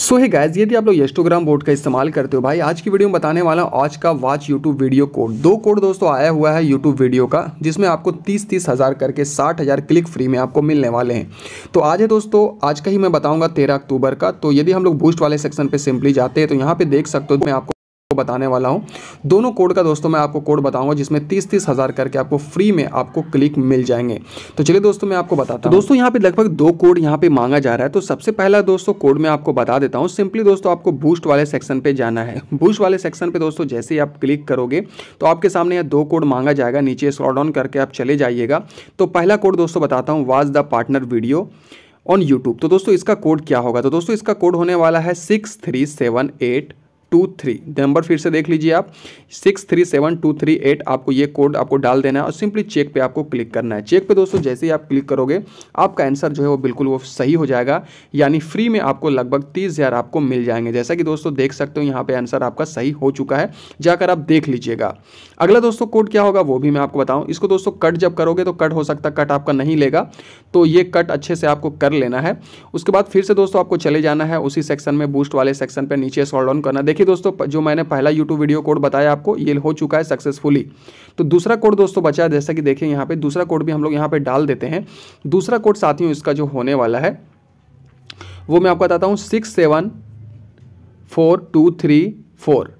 सो hi guys यदि आप लोग येस्टोग्राम बोर्ड का इस्तेमाल करते हो भाई आज की वीडियो में बताने वाला हूँ आज का वाच यूट्यूब वीडियो कोड दो कोड दोस्तों आया हुआ है यूट्यूब वीडियो का जिसमें आपको तीस तीस हज़ार करके साठ हज़ार क्लिक फ्री में आपको मिलने वाले हैं तो आज है दोस्तों आज का ही मैं बताऊँगा तेरह अक्टूबर का तो यदि हम लोग बूस्ट वाले सेक्शन पर सिंपली जाते हैं तो यहाँ पर देख सकते हो मैं आपको बताने वाला हूँ दोनों कोड का दोस्तों मैं आपको कोड बताऊँगा जिसमें तीस तीस हज़ार करके आपको फ्री में आपको क्लिक मिल जाएंगे तो चलिए दोस्तों मैं आपको बताता तो हूँ दोस्तों यहाँ पे लगभग दो कोड यहाँ पे मांगा जा रहा है तो सबसे पहला दोस्तों कोड मैं आपको बता देता हूँ सिंपली दोस्तों आपको बूस्ट वाले सेक्शन पर जाना है बूस्ट वाले सेक्शन पर दोस्तों जैसे ही आप क्लिक करोगे तो आपके सामने यह दो कोड मांगा जाएगा नीचे स्क्रॉल डाउन करके आप चले जाइएगा तो पहला कोड दोस्तों बताता हूँ was the partner video on YouTube तो दोस्तों इसका कोड क्या होगा तो दोस्तों इसका कोड होने वाला है six three seven eight two three number फिर से देख लीजिए आप six three seven two three eight आपको ये कोड आपको डाल देना है और सिंपली चेक पे आपको क्लिक करना है चेक पे दोस्तों जैसे ही आप क्लिक करोगे आपका आंसर जो है वो बिल्कुल वो सही हो जाएगा यानी फ्री में आपको लगभग तीस हज़ार आपको मिल जाएंगे जैसा कि दोस्तों देख सकते हो यहाँ पर आंसर आपका सही हो चुका है जाकर आप देख लीजिएगा अगला दोस्तों कोड क्या होगा वो भी मैं आपको बताऊँ इसको दोस्तों कट जब करोगे तो कट हो सकता कट आपका नहीं लेगा तो ये कट अच्छे से आपको कर लेना है उसके बाद फिर से दोस्तों आपको चले जाना है उसी सेक्शन में बूस्ट वाले सेक्शन पर नीचे सॉल्ड ऑन करना देखिए देखिए दोस्तों जो मैंने पहला यूट्यूब वीडियो कोड बताया आपको ये हो चुका है सक्सेसफुली तो दूसरा कोड दोस्तों बचा है जैसा कि देखिए यहाँ पे दूसरा कोड भी हम लोग यहाँ पे डाल देते हैं दूसरा कोड साथियों इसका जो होने वाला है वो मैं आपको बताता हूँ six seven four two three four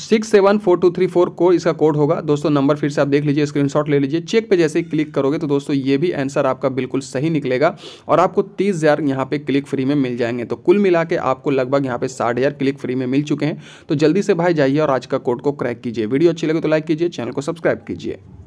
six seven four two three four को इसका कोड होगा दोस्तों नंबर फिर से आप देख लीजिए स्क्रीनशॉट ले लीजिए चेक पे जैसे ही क्लिक करोगे तो दोस्तों ये भी आंसर आपका बिल्कुल सही निकलेगा और आपको तीस हज़ार यहाँ पे क्लिक फ्री में मिल जाएंगे तो कुल मिला के आपको लगभग यहाँ पे साठ हज़ार क्लिक फ्री में मिल चुके हैं तो जल्दी से भाई जाइए और आज का कोड को क्रैक कीजिए वीडियो अच्छी लगे तो लाइक कीजिए चैनल को सब्सक्राइब कीजिए